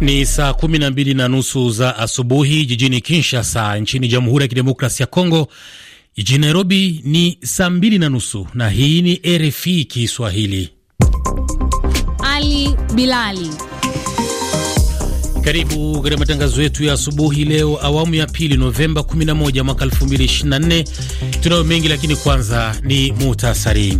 Ni saa kumi na mbili na nusu za asubuhi jijini Kinshasa nchini Jamhuri ya Kidemokrasi ya Kongo. Jijini Nairobi ni saa mbili na nusu na hii ni RFI Kiswahili. Ali Bilali, karibu katika matangazo yetu ya asubuhi leo, awamu ya pili, Novemba 11 mwaka 2024. Tunayo mengi, lakini kwanza ni muhtasari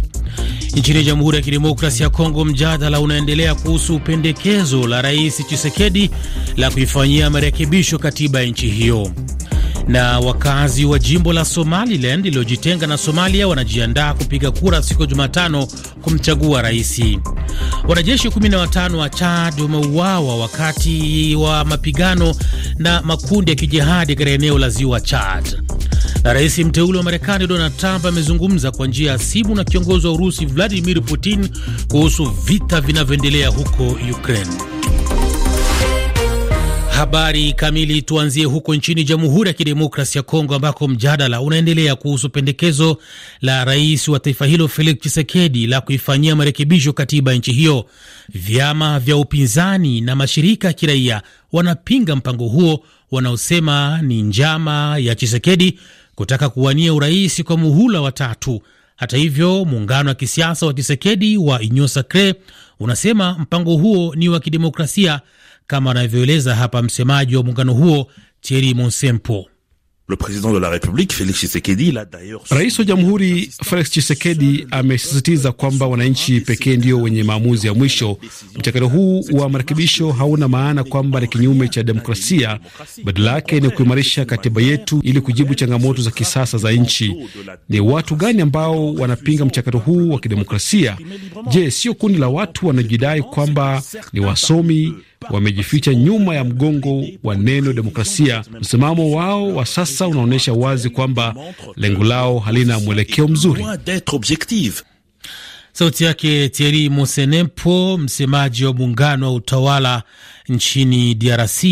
Nchini Jamhuri ya Kidemokrasia ya Kongo, mjadala unaendelea kuhusu pendekezo la Rais Tshisekedi la kuifanyia marekebisho katiba ya nchi hiyo. Na wakazi wa jimbo la Somaliland lililojitenga na Somalia wanajiandaa kupiga kura siku ya Jumatano kumchagua raisi. Wanajeshi 15 wa Chad wameuawa wakati wa mapigano na makundi ya kijihadi katika eneo la ziwa Chad. Na rais mteule wa Marekani Donald Trump amezungumza kwa njia ya simu na kiongozi wa Urusi Vladimir Putin kuhusu vita vinavyoendelea huko Ukraine. Habari kamili, tuanzie huko nchini Jamhuri ya Kidemokrasi ya Kongo ambako mjadala unaendelea kuhusu pendekezo la rais wa taifa hilo Felix chisekedi la kuifanyia marekebisho katiba ya nchi hiyo. Vyama vya upinzani na mashirika ya kiraia wanapinga mpango huo wanaosema ni njama ya chisekedi kutaka kuwania urais kwa muhula wa tatu. Hata hivyo, muungano wa kisiasa wa Tshisekedi wa Union Sacree unasema mpango huo ni wa kidemokrasia, kama anavyoeleza hapa msemaji wa muungano huo Thierry Monsempo. Rais wa jamhuri Felix Tshisekedi amesisitiza kwamba wananchi pekee ndio wenye maamuzi ya mwisho. Mchakato huu wa marekebisho hauna maana kwamba ni kinyume cha demokrasia, badala yake ni kuimarisha katiba yetu ili kujibu changamoto za kisasa za nchi. Ni watu gani ambao wanapinga mchakato huu wa kidemokrasia? Je, sio kundi la watu wanaojidai kwamba ni wasomi wamejificha nyuma ya mgongo wa neno demokrasia. Msimamo wao wa sasa unaonyesha wazi kwamba lengo lao halina mwelekeo mzuri. Sauti yake Thierry Mosenepo, msemaji wa muungano wa utawala nchini DRC,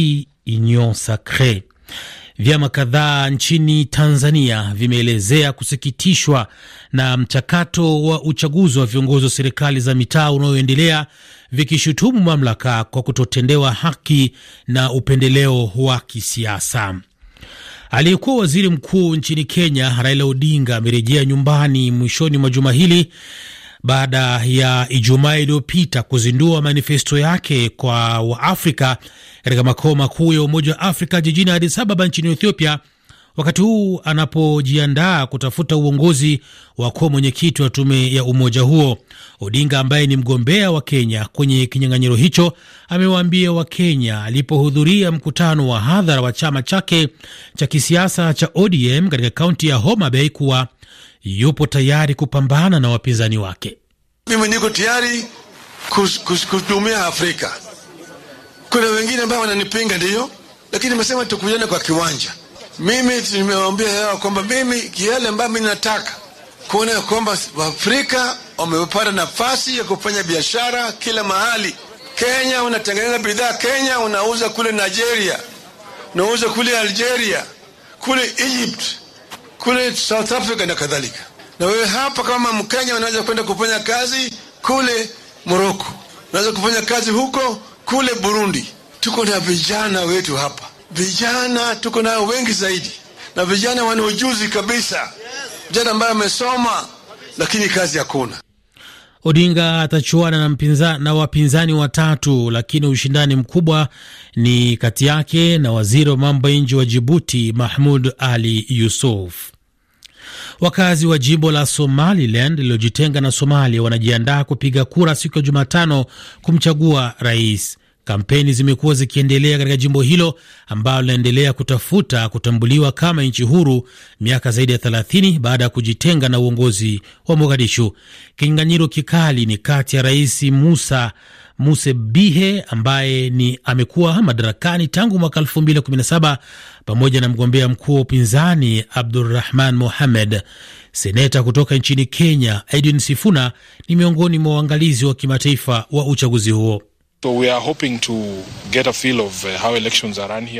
Union Sacre. Vyama kadhaa nchini Tanzania vimeelezea kusikitishwa na mchakato wa uchaguzi wa viongozi wa serikali za mitaa unaoendelea, vikishutumu mamlaka kwa kutotendewa haki na upendeleo wa kisiasa. Aliyekuwa waziri mkuu nchini Kenya Raila Odinga amerejea nyumbani mwishoni mwa juma hili baada ya Ijumaa iliyopita kuzindua manifesto yake kwa Waafrika katika makao makuu ya Umoja wa Afrika jijini Addis Ababa nchini Ethiopia wakati huu anapojiandaa kutafuta uongozi wa kuwa mwenyekiti wa tume ya umoja huo. Odinga ambaye ni mgombea wa Kenya kwenye kinyang'anyiro hicho amewaambia Wakenya alipohudhuria mkutano wa hadhara wa chama chake cha kisiasa cha ODM katika kaunti ya Homa Bay kuwa yupo tayari kupambana na wapinzani wake. Mimi niko tayari kuhudumia Afrika. Kuna wengine ambao wananipinga, ndiyo, lakini nimesema tukujane kwa kiwanja mimi nimewaambia yao kwamba mimi kiele ambayo mi nataka kuona kwamba Waafrika wamepata nafasi ya kufanya biashara kila mahali. Kenya unatengeneza bidhaa Kenya, unauza kule Nigeria, unauza kule Algeria, kule Egypt, kule South Africa na kadhalika. Na wewe hapa kama Mkenya unaweza kwenda kufanya kazi kule Morocco, unaweza kufanya kazi huko kule Burundi. Tuko na vijana wetu hapa Vijana tuko nayo wengi zaidi, na vijana wana ujuzi kabisa, vijana ambayo amesoma, lakini kazi hakuna. Odinga atachuana na mpinza, na wapinzani watatu, lakini ushindani mkubwa ni kati yake na waziri wa mambo ya nje wa Jibuti Mahmud Ali Yusuf. Wakazi wa jimbo la Somaliland lililojitenga na Somalia wanajiandaa kupiga kura siku ya Jumatano kumchagua rais. Kampeni zimekuwa zikiendelea katika jimbo hilo ambalo linaendelea kutafuta kutambuliwa kama nchi huru miaka zaidi ya 30 baada ya kujitenga na uongozi wa Mogadishu. Kinyang'anyiro kikali ni kati ya Rais Musa Muse Bihe ambaye ni amekuwa madarakani tangu mwaka 2017 pamoja na mgombea mkuu wa upinzani Abdurrahman Mohamed. Seneta kutoka nchini Kenya Edwin Sifuna ni miongoni mwa waangalizi wa kimataifa wa uchaguzi huo.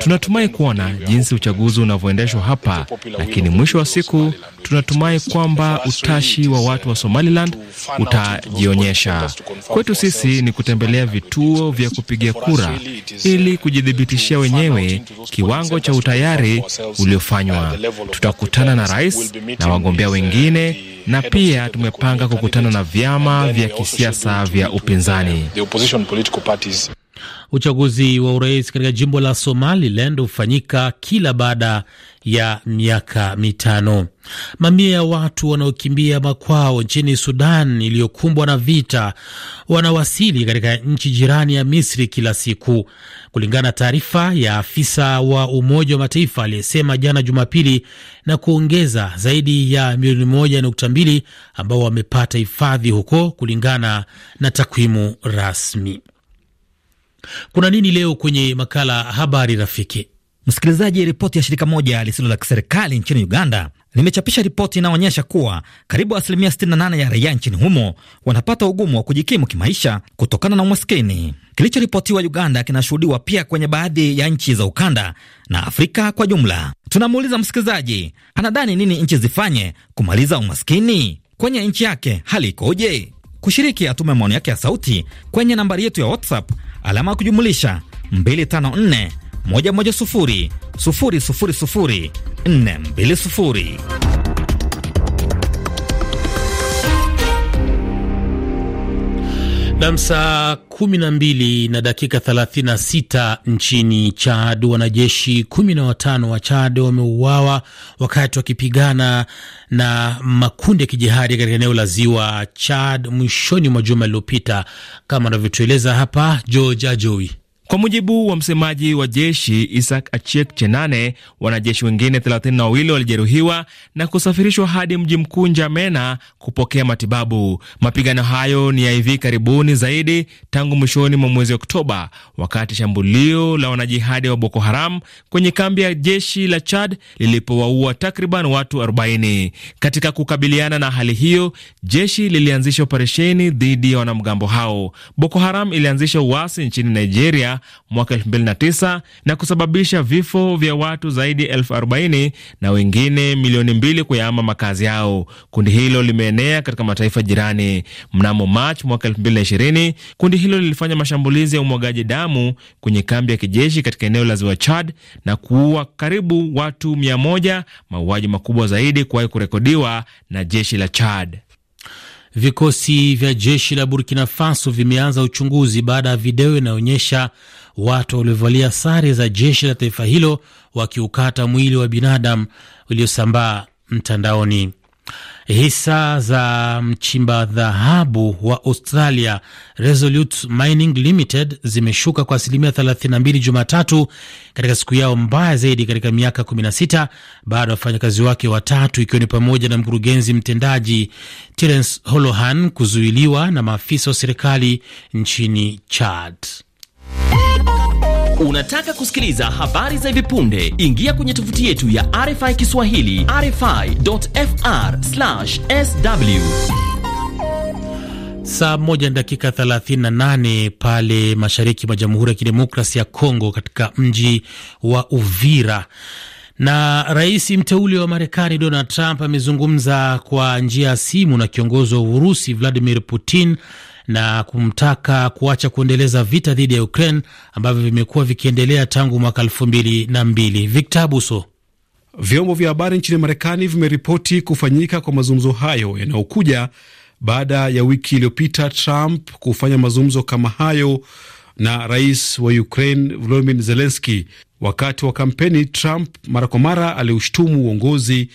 Tunatumai kuona jinsi uchaguzi unavyoendeshwa hapa, lakini mwisho wa siku tunatumai kwamba utashi wa watu wa uh, Somaliland utajionyesha. Kwetu sisi ni kutembelea vituo vya kupigia kura ili uh, kujithibitishia wenyewe kiwango cha utayari uliofanywa. Tutakutana na rais na wagombea uh, wengine na pia tumepanga kukutana na vyama vya kisiasa vya upinzani. Uchaguzi wa urais katika jimbo la Somaliland hufanyika kila baada ya miaka mitano. Mamia ya watu wanaokimbia makwao nchini Sudan iliyokumbwa na vita wanawasili katika nchi jirani ya Misri kila siku, kulingana na taarifa ya afisa wa Umoja wa Mataifa aliyesema jana Jumapili, na kuongeza zaidi ya milioni moja nukta mbili ambao wamepata hifadhi huko, kulingana na takwimu rasmi. Kuna nini leo kwenye makala Habari Rafiki? Msikilizaji, ripoti ya shirika moja lisilo la kiserikali nchini Uganda limechapisha ripoti inayoonyesha kuwa karibu asilimia 68 ya raia nchini humo wanapata ugumu wa kujikimu kimaisha kutokana na umaskini. Kilichoripotiwa Uganda kinashuhudiwa pia kwenye baadhi ya nchi za ukanda na Afrika kwa jumla. Tunamuuliza msikilizaji, anadhani nini nchi zifanye kumaliza umaskini kwenye nchi yake? Hali ikoje? Kushiriki, atume maoni yake ya sauti kwenye nambari yetu ya WhatsApp alama ya kujumulisha 254 110 mbili sufuri Nam, saa kumi na dakika sita nchini Chad. Wanajeshi kumi na watano wa Chad wameuawa wakati wakipigana na makundi ya kijihadi katika eneo la ziwa Chad mwishoni mwa juma lililopita, kama anavyotueleza hapa George Ajoi. Kwa mujibu wa msemaji wa jeshi Isaac achiek Chenane, wanajeshi wengine 32 walijeruhiwa na kusafirishwa hadi mji mkuu Njamena kupokea matibabu. Mapigano hayo ni ya hivi karibuni zaidi tangu mwishoni mwa mwezi Oktoba, wakati shambulio la wanajihadi wa Boko Haram kwenye kambi ya jeshi la Chad lilipowaua takriban watu 40. Katika kukabiliana na hali hiyo, jeshi lilianzisha operesheni dhidi ya wanamgambo hao. Boko Haram ilianzisha uasi nchini Nigeria mwaka 2009 na kusababisha vifo vya watu zaidi ya elfu na wengine milioni mbili kuyahama makazi yao. Kundi hilo limeenea katika mataifa jirani. Mnamo Machi mwaka 2020 kundi hilo lilifanya mashambulizi ya umwagaji damu kwenye kambi ya kijeshi katika eneo la ziwa Chad na kuua karibu watu 1 mauaji makubwa zaidi kuwahi kurekodiwa na jeshi la Chad. Vikosi vya jeshi la Burkina Faso vimeanza uchunguzi baada ya video inayoonyesha watu waliovalia sare za jeshi la taifa hilo wakiukata mwili wa binadamu uliosambaa mtandaoni. Hisa za mchimba dhahabu wa Australia Resolute Mining Limited zimeshuka kwa asilimia 32 Jumatatu, katika siku yao mbaya zaidi katika miaka 16 baada ya wafanyakazi wake watatu, ikiwa ni pamoja na mkurugenzi mtendaji Terence Holohan kuzuiliwa na maafisa wa serikali nchini Chad. Unataka kusikiliza habari za hivi punde? Ingia kwenye tovuti yetu ya RFI Kiswahili, rfi.fr/sw. Saa moja na dakika 38 pale mashariki mwa Jamhuri ya Kidemokrasia ya Kongo, katika mji wa Uvira na rais mteule wa Marekani Donald Trump amezungumza kwa njia ya simu na kiongozi wa Urusi Vladimir Putin na kumtaka kuacha kuendeleza vita dhidi ya Ukraine ambavyo vimekuwa vikiendelea tangu mwaka elfu mbili na mbili. Victor Abuso. Vyombo vya habari nchini Marekani vimeripoti kufanyika kwa mazungumzo hayo yanayokuja baada ya wiki iliyopita Trump kufanya mazungumzo kama hayo na rais wa Ukraine Volodymyr Zelensky. Wakati wa kampeni, Trump mara kwa mara aliushtumu uongozi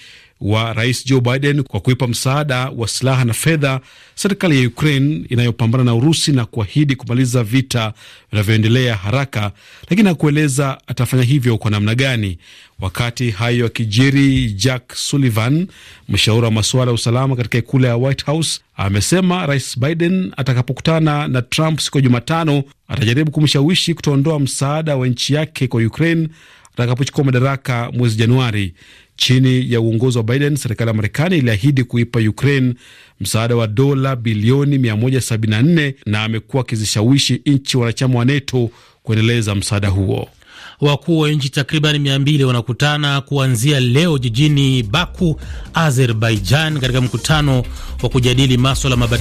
wa rais Joe Biden kwa kuipa msaada wa silaha na fedha serikali ya Ukraine inayopambana na Urusi na kuahidi kumaliza vita vinavyoendelea haraka, lakini hakueleza atafanya hivyo kwa namna gani. Wakati hayo akijiri, Jack Sullivan, mshauri wa masuala ya usalama katika ikulu ya White House, amesema rais Biden atakapokutana na Trump siku ya Jumatano atajaribu kumshawishi kutoondoa msaada wa nchi yake kwa Ukraine atakapochukua madaraka mwezi Januari. Chini ya uongozi wa Biden, serikali ya Marekani iliahidi kuipa Ukraine msaada wa dola bilioni 174 na amekuwa akizishawishi nchi wanachama wa NATO kuendeleza msaada huo. Wakuu wa nchi takriban mia wanakutana kuanzia leo jijini Baku, Azerbaijan, katika mkutano wa kujadili maswala mabadiliko